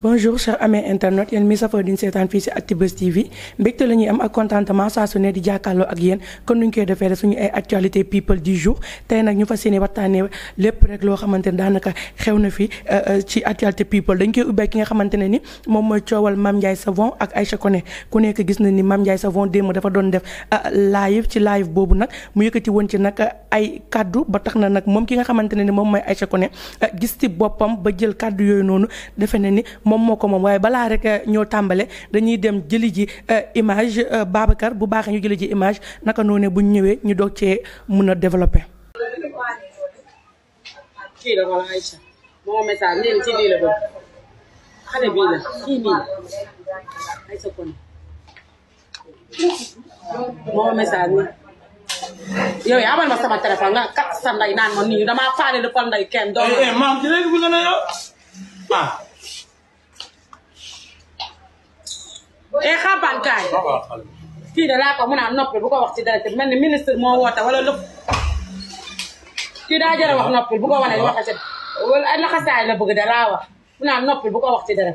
bonjour chers amis internet yéen mi safoo diñ seetaan fii si Actubuzz TV mbégte la ñuy am ak contentement saa su ne ak yéen kon nuñ koy defee rek suñu ay actualité people du jour tey nag ñu fas yéene waxtaanee lépp rek loo xamante ne daanaka xew na fi euh, euh, ci actualité people dañ koy ubbee ki nga xamante ne ni moom mooy coowal Mame Ndiaye Savon ak Aïcha Koné ku nekk gis na ni Mame Ndiaye Savon démb dafa doon def euh, live ci live boobu nag mu yëkkati woon ci nag ay kaddu ba tax na nag moom ki nga xamante ne ni moom mooy ay Koné gis ci boppam ba jël kaddu yooyu noonu defe na ni moom moo ko moom waaye balaa rek euh, ñoo tàmbale dañuy dem jëli ji euh, image euh, Babacar bu baaxee ñu jëli ji image naka noonee buñ ñu ñëwee ñu doog cee mun a développer. kii eh xabaan kaay kii da laa ko mun a noppil bu ko wax ci dara ci mel ni ministre moo woote wala lépp kii daa jar wax noppil bu ko wane wax ci wala laxasaay la bëgg da laa wax mun a ko wax ci dara.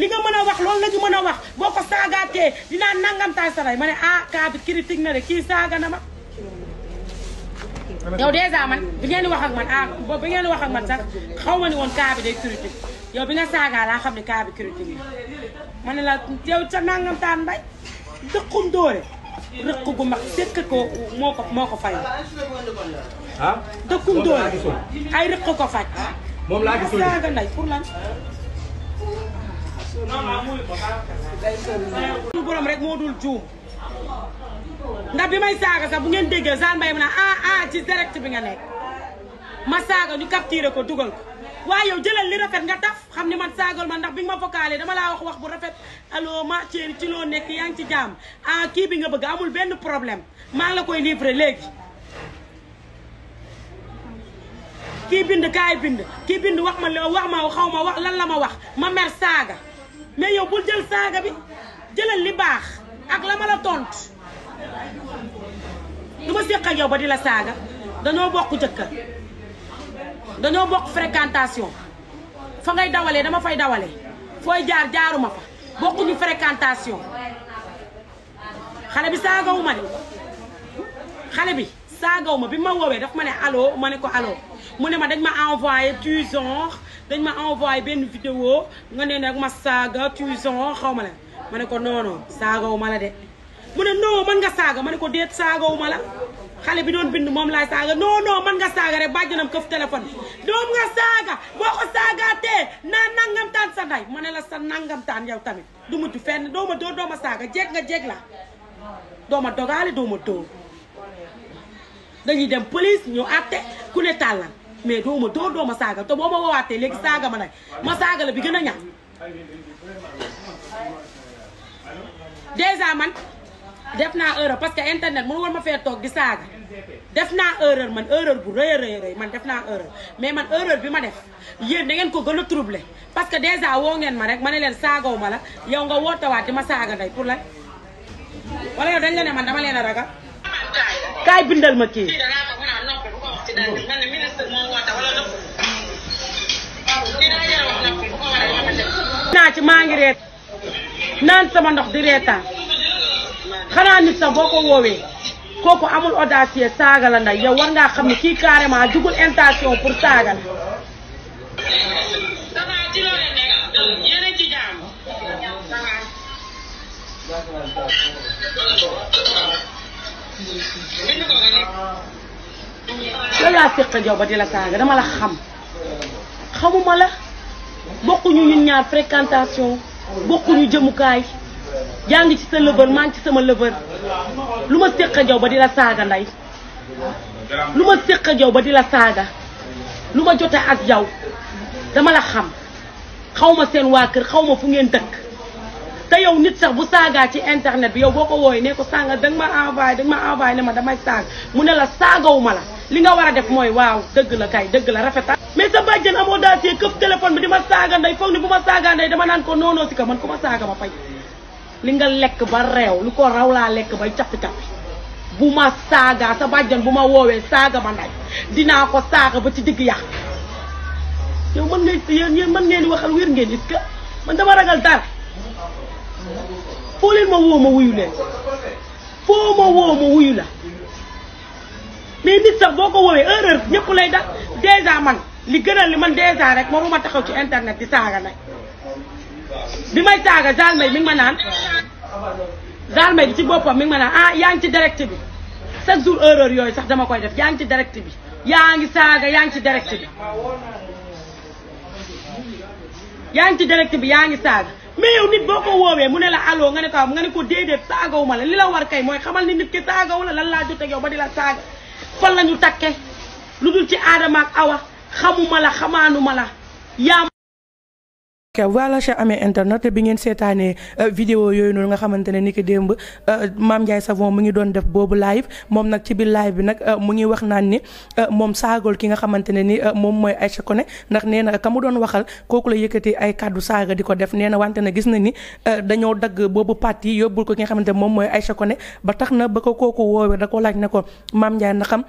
li nga mën a wax loolu la ñu mën a wax boo nangam taay sa lay ma ne ah kaa bi critique na de kii saaga na ma. yow dèjà man bi ngeen wax ak man ah bi ngeen wax ak man sax xaw ma ni woon kaa bi day critique yow bi nga saagaa laa xam ne kaa bi critique la. ma ne la yow ca nangam taan mbay dëkkum doore rëq gu mag dëkk ko moo ko moo ko fay ah dëkkum doore ay rëq ko faj moom laa gisul saaga nday pour lan suñu borom rek moo dul juum ndax bi may saaga sax bu ngeen déggee saan mbay ma naa ah ah ci direct bi nga nekk ma saaga ñu capturé ko dugal ko waaye yow jëlal li rafet nga taf xam ni man saagal ma ndax bi nga ma vocalé dama laa wax wax bu rafet allo ma chérie ci loo nekk yaa ngi ci jaam ah kii bi nga bëgg amul benn problème maa la koy livré léegi. kii bind kaay bind kii bind wax ma wax ma xaw ma wax lan la ma wax ma mer saaga mais yow bul jël saaga bi jëlal li baax ak la ma la tontu du ma séq ak yow ba di la saaga dañoo bokk jëkkër. dañoo bokk fréquentation fa ngay dawalee dama fay dawalee fooy jaar jaaruma fa bokkuñu fréquentation xale bi saagawu ma de xale bi saagaw ma bi ma woowee dafa ma ne allo ma ne ko allo mu ne ma dañ ma envoyé tu genre dañ ma envoyé benn vidéo nga ne nag ma saaga tu genre xaw ma la ma ne ko non non saagaw la de mu ne non man nga saaga ma ne ko déet saagaw ma la xale bi doon bind moom laay saaga non non man nga saaga rek bàjjanam këf téléphone doom nga saaga boo ko saagaatee naa nangamtaan sa nday ma ne la sa nangamtaan yow tamit du mujj fenn dooma dóor dooma saaga jeeg nga jeeg la dooma dogaale dooma dóor dañuy dem police ñu àtte ku ne mais dooma dóor dooma saaga te boo ma woowaatee léegi saaga ma nag ma saaga la bi gën a ñam déjà man def naa erreur parce que internet mënu war ma fee toog di saaga def naa erreur man erreur bu rëy a rëy man def naa erreur mais man erreur bi ma def yéen da ngeen ko gën a parce que déjà woo ngeen ma rek ma ne leen saagaw ma la yow nga wootawaat di ma saaga nday pour la wala yow dañ la ne man dama leen a ragal kaay bindal ma kii naa ci maa ngi reet naan sama ndox di reetaan xanaa nit sax boo ko woowee kooku amul audacieux saaga la nday yow war ngaa xam ne kii carrément jugul intention pour saaga la la laa séq jow ba la saaga dama la xam xamuma la bokkuñu ñun ñaar fréquentation bokkuñu jëmukaay yaa ngi ci sa lëbër maa ngi ci sama lëbër lu ma séq ak yow ba di la saaga nday lu ma séq jow ba di la saaga lu ma jote ak yow dama la xam xaw ma seen waa kër xaw ma fu ngeen dëkk te yow nit sax bu saagaa ci internet bi yow boo ko wooyee ne ko saaga danga ma envoyé danga ma envoyé ne ma damay saaga mu ne la saagawu ma la li nga war a def mooy waaw dëgg la kay dëgg la rafetal mais sa bàjjen amoo daasee këf téléphone bi di ma saaga nday foog ni bu ma saaga naan ko noonoo si ka man ku ma saaga ma li nga lekk ba reew lu ko raw laa lekk bay cappi-cappi bu ma saaga sa bàjjan bu ma woowee saaga ma nday dinaa ko saaga ba ci digg yàq yow mën ngay yéen yéen mën ngeen di waxal wér ngeen nit ka man dama ragal dara foo leen ma woo ma wuyu leen foo ma woo ma wuyu la mais nit sax boo ko woowee erreur ñëpp lay da dèjà man li gënal li man dèjà rek moom ma taxaw ci internet di saaga nag bi may taaga zalmay mi ngi ma naan zalmay bi ci boppam mi ma naan ah yaa ngi ci direct bi chaque jour erreur yooyu sax dama koy def yaa ngi ci direct bi yaa ngi saaga yaa ngi ci direct bi yaa ngi ci direct bi yaa ngi saaga mais yow nit boo ko woowee mu ne la allo nga ne ko nga ne ko déedéet saagawuma la li la war kay mooy xamal ni nit taaga saagaw la lan laa jot a yow ba di la saaga fan la ñu takke lu dul ci aadama ak awa ma la xamaanuma la yaa voilà cha amee internet bi ngeen seetaanee euh, vidéo yooyu noonu nga xamante ne ni ki démb euh, Mame Ndiaye Savon mu ngi doon def boobu live moom nag ci biir live bi nag euh, mu ngi wax naan ni moom saagol ki nga xamante ne ni moom mooy Aïcha Koné ndax nee na ka mu doon waxal kooku la yëkkati ay kàddu saaga di ko def nee na wante na gis na ni dañoo dagg boobu parti yóbbul ko ki nga xamante ne moom mooy Aïcha Koné ba tax na ba ko kooku woowee da ko laaj ne ko Mame Ndiaye na xam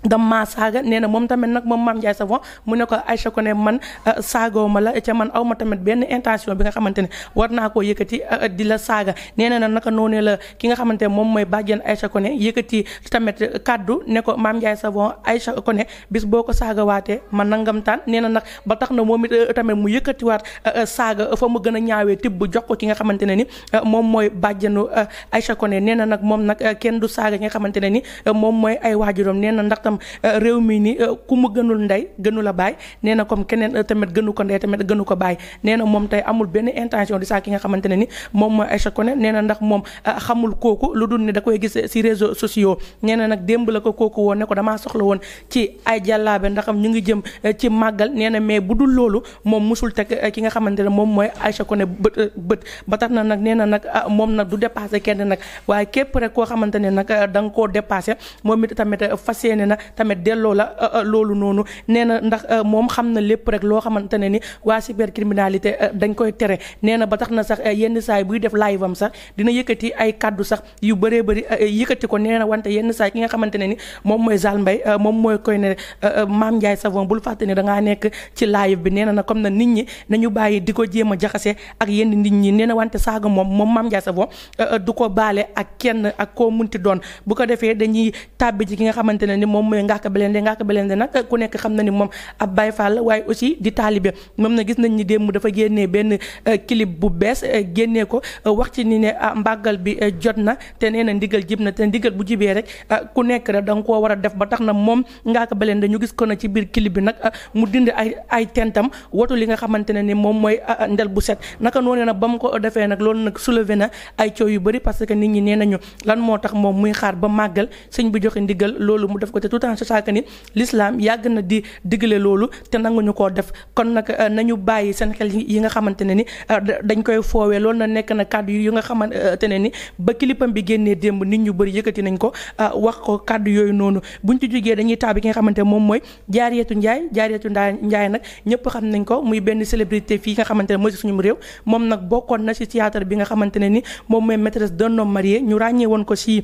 dam maa saaga nee na moom tamit nag moom Mame Ndiaye Savon mu ne ko Aïcha ko man euh, saagoo ma la man aw ma tamit benn intention bi nga xamante ne war naa koo yëkkati euh, di la saaga nee na naka noonu la ki nga xamante ne moom mooy bàjjen ay ko ne yëkkati tamit kaddu ne ko Mame Ndiaye Savon Aïcha ko ne boo ko saagawaatee man nangam taan nee na nag ba tax na moom it euh, tamit mu yëkkatiwaat saaga fa mu gën a ñaawee tibb jox ko ki nga xamante ne ni moom mooy bàjjenu nee na nag moom nag kenn du saaga ki nga xamante ne ni moom mooy ay waajuram nee na ndax ndax tam euh, réew mi ni euh, ku mu gënul ndey gënu la baay nee keneen euh, tamit gënu ko ndey tamit gënu ko baay nee na moom tey amul benn intention di saa ki nga xamante ne ni moom mooy Aïcha Koné da koy gis si réseaux sociaux nee na nag démb la ko kooku woon ne ko damaa soxla woon ci ay jàllaabe ndaxam ñu ngi jëm ci màggal nee na mais bu dul loolu moom musul teg ki nga xamante ne moom mooy Aïcha Koné bët bët ba tax na nag nee na nag ah, moom nag du dépassé kenn nag waaye képp rek koo xamante ne nag da koo dépassé moom it tamit fas yéene na tamit delloo la euh, euh, loolu noonu nee na ndax euh, moom xam na lépp rek loo xamante ne ni waa cybercriminalité dañ koy tere nee na ba tax na sax yenn saay buy def live am sax dina yëkkati ay kàddu sax yu bëree bëri yëkkati ko nee na wante yenn saay ki nga xamante ne ni moom mooy Zal Mbaye moom mooy koy ne Mame Ndiaye Savon bul fàtte ne dangaa nekk ci live bi nee na na comme na nit ñi nañu bàyyi di ko jéem a jaxase ak yenn nit ñi nee na wante saaga moom moom Mame Ndiaye Savon du ko baale ak kenn ak koo munti doon bu ko defee dañuy tàbbi moom mooy Ngaaka Blindé Ngaaka Blindé nag ku nekk xam na ni moom ab Baye Fall waaye aussi di taalibe moom na gis nañ ni démb dafa génnee benn euh, clip bu bees euh, génnee ko euh, wax ci ni ne ah, mbàggal bi jot na te nee na ndigal jib na te ndigal bu jibee rek ku nekk rek da nga koo war a def ba tax na moom Ngaaka Blindé dañu gis ko na ci biir clip bi nag mu dindi ay ay tentam watu li nga xamante ne ni moom mooy ndel bu set naka noonee nag ba mu ko defee nag loolu nag soulevé na ay coow yu bëri parce que nit ñi nee nañu lan moo tax moom muy xaar ba tout en sachant que ni l'islam yàgg na di digle loolu te nanguñu koo def kon nag euh, nañu bàyyi seen xel yi nga xamante ne ni euh, dañ koy foowee na nekk na kàddu yi nga xamante ne ni ba kilipam bi génnee démb nit ñu bari yëkkati nañ ko euh, wax ko kàddu yooyu noonu buñ ci jugee dañuy taabi ki nga xamante moom mooy jaariyeetu njaay jaariyeetu ndaa njaay nag ñëpp xam nañ ko muy benn célébrité fii nga xamante ne mooy si suñu réew moom nag bokkoon na si théâtre bi nga xamante ne ni moom mooy maîtresse d'un homme marié ñu ràññee woon ko si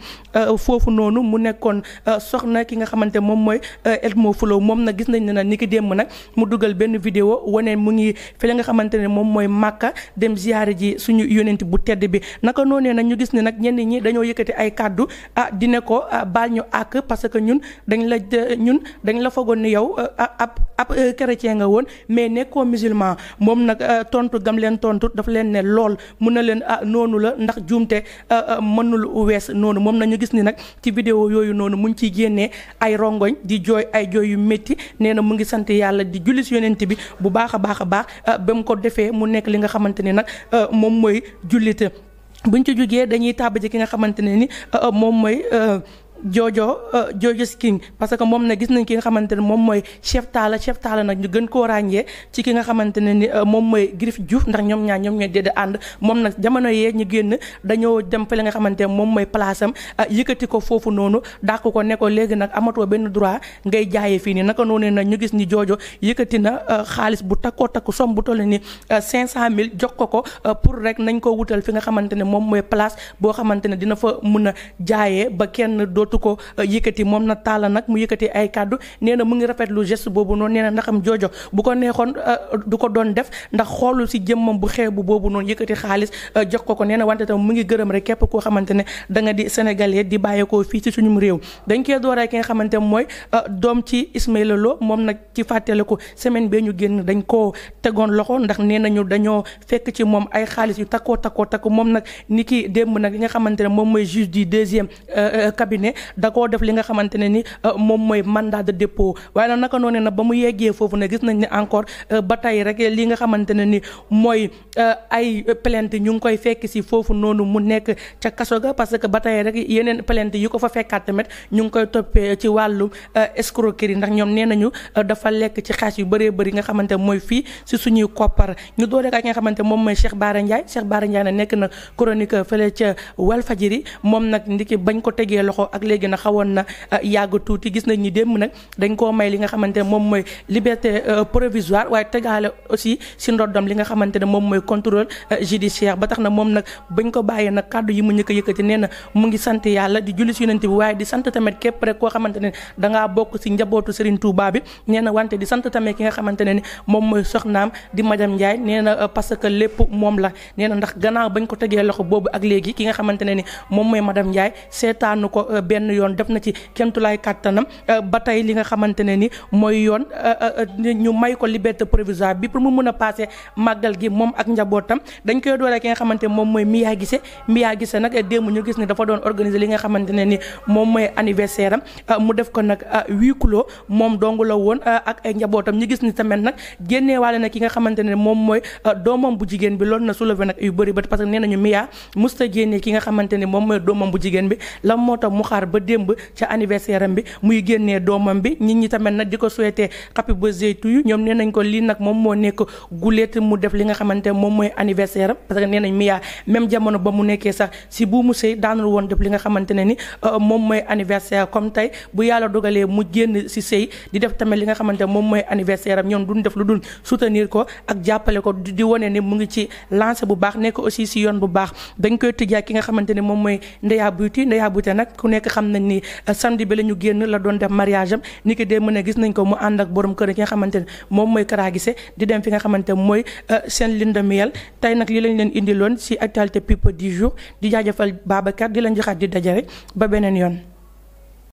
foofu noonu mu nekkoon soxna ki nga nga xamante moom mooy euh, Elmo Flow moom nag gis nañ ne nag ni ki démb nag mu dugal benn vidéo wane mu ngi fi la nga xamante ne moom mooy màkka dem ziyaare ji suñu yonent bu tedd bi naka noonee nag ñu gis ne nag ñenn ñi dañoo yëkkati ay kàddu ah dine ko ah, baal ñu àkk parce que ñun dañ la ñun dañ la fagoon ne yow euh, ah, ab ab euh, chrétien nga woon mais nekkoo musulman moom nag tontu gam leen tontu dafa leen ne lool mun na leen ah noonu la ndax juumte mënul wees noonu moom ñu gis ni nag ci vidéo yooyu noonu muñ ci génnee ay rongoñ di jooy ay jooy yu métti nee na mu ngi sant yàlla di julli si yonent bi bu baax a baax a baax euh, ba mu ko defee mu nekk li nga xamante ne nag euh, moom mooy jullite buñ ci jógee dañuy tàbbi ci ki nga xamante ne ni euh, moom mooy Jojo euh, Jojo King parce que moom na gis nañ ki nga xamante ne moom mooy chef taala chef taala nag ñu gën koo ràññee ci ki nga xamante ne ni euh, moom mooy Griff Diouf ndax ñoom ñaar ñoom ñooy déedéet ànd moom nag jamono yee ñu génn dañoo dem fële nga xamante ne moom mooy place am euh, yëkkati ko foofu noonu dàq ko ne ko léegi nag amatoo benn droit ngay jaayee fii nii naka noonu nag ñu gis ni Jojo yëkkati na xaalis bu takkoo takku somme bu toll ni 500000 jox ko ko pour rek nañ ko wutal fi nga xamante ne moom mooy place boo xamante ne dina fa mun a jaayee ba kenn dootu jotu ko euh, yëkkati moom na taala nag mu yëkkati ay kàddu nee na mu ngi rafetlu geste boobu noonu nee na ndaxam joojo bu ko neexoon euh, du ko doon def ndax xoolu si jëmmam bu xeebu boobu noonu yëkkati xaalis euh, jox ko ko nee na wante tam mu ngi gërëm rek képp koo xamante ne da nga di sénégalais di bàyyeekoo fii ci suñum réew dañ koy dooree ki nga xamante ne mooy doom ci Ismaïla Lo moom nag ci ko semaine bee ñu génn dañ ko tegoon loxo ndax nee nañu dañoo fekk ci moom ay xaalis yu takkoo takkoo takk moom nag ki démb nag li nga xamante ne moom mooy juge du deuxième da koo def li nga xamante ne ni euh, moom mooy mandaa de dépôt waaye nag naka noonu na ba mu yeggee foofu na gis nañ ne encore euh, ba tey rek li nga xamante ne ni mooy euh, ay plainte ñu ngi koy fekk si foofu noonu mu nekk ca kaso ga parce que ba tey rek yeneen plainte yi ko fa fekkaat tamit ñu ngi koy toppee ci wàllu escroquerie ndax ñoom nee nañu dafa lekk ci xaas yu bëree bëri nga xamante mooy fii si suñuy koppar ñu doore ak nga xamante moom mooy Cheikh Bara Ndiaye Cheikh Bara Ndiaye na nekk na chroniqueur fële ca Walfadjri moom nag ndiki bañ ko tegee loxo ak léegi nag xawoon na euh, yàgg tuuti gis nañ ni démb nag dañ koo may li nga xamante ne moom mooy liberté euh, provisoire waaye tegaale aussi si ndoddam li nga xamante ne moom mooy contrôle euh, judiciaire ba tax na moom nag bañ ko bàyyee nag kàddu yi mu ñëkk a yëkkati nee na mu ngi sant yàlla di julli si yonent bi waaye di sant tamit képp rek koo xamante ne dangaa bokk si njabootu Serigne Touba bi nee na wante di sant tamit ki nga xamante ne ni moom mooy soxnaam di madame Ndiaye nee na parce que lépp moom la nee na ndax gannaaw bañ ko tegee loxo boobu ak léegi ki nga xamante ne ni moom mooy madame Ndiaye seetaanu benn yoon def na ci kemtulaay kàttanam euh, ba tey li nga xamante ne ni mooy yoon euh, euh, ñu may ko liberté provisoire bi pour mu mun a passé màggal gi moom ak njabootam dañ koy dooree ki nga xamante ne moom mooy Miya Gise Miya Gise nag démb doon organiser li nga xamante ne ni moom mooy anniversaire am mu def ko nag huis clos moom dong la woon ak ay njabootam ñu gis ni tamit nag génneewaale na ki nga xamante ne moom mooy doomam bu jigéen bi loolu na soulevé nag yu bëri ba parce que nee nañu Miya musta génnee ki nga xamante ne moom mooy doomam bu jigéen bi la moo tax mu xaar xaar ba démb ca anniversaire am bi muy génnee doomam bi nit ñi tamit nag di ko souhaité happy birthday to you ñoom nee ko lii nag moom moo nekk guléet mu def li nga xamante mooy anniversaire am parce que nee nañ Mia même jamono ba mu nekkee sax si bu li nga xamante ne ni euh, moom mooy anniversaire comme tey bu yàlla dogalee mu génn si sëy di def li nga xamante moom mooy anniversaire am ñoom duñ def lu dul soutenir ko ak jàppale ko di wane ne mu ngi ci lancé bu baax nekk aussi si yoon bu baax dañ koy tëjee ki nga xamante ne moom mooy Ndeya Beauty Ndeya Beauty nag ku nekk xam nañ ni euh, samedi bi la ñu génn la doon def mariage ni ki dee mën a gis nañ ko mu ànd ak borom kër ki nga xamante ne moom mooy Kara Guissé di dem fi nga xamante mooy euh, seen lune de tey nag li lañ leen indiloon ci actualité people du jour di jaajëfal Babacar di leen joxaat di dajare ba beneen yoon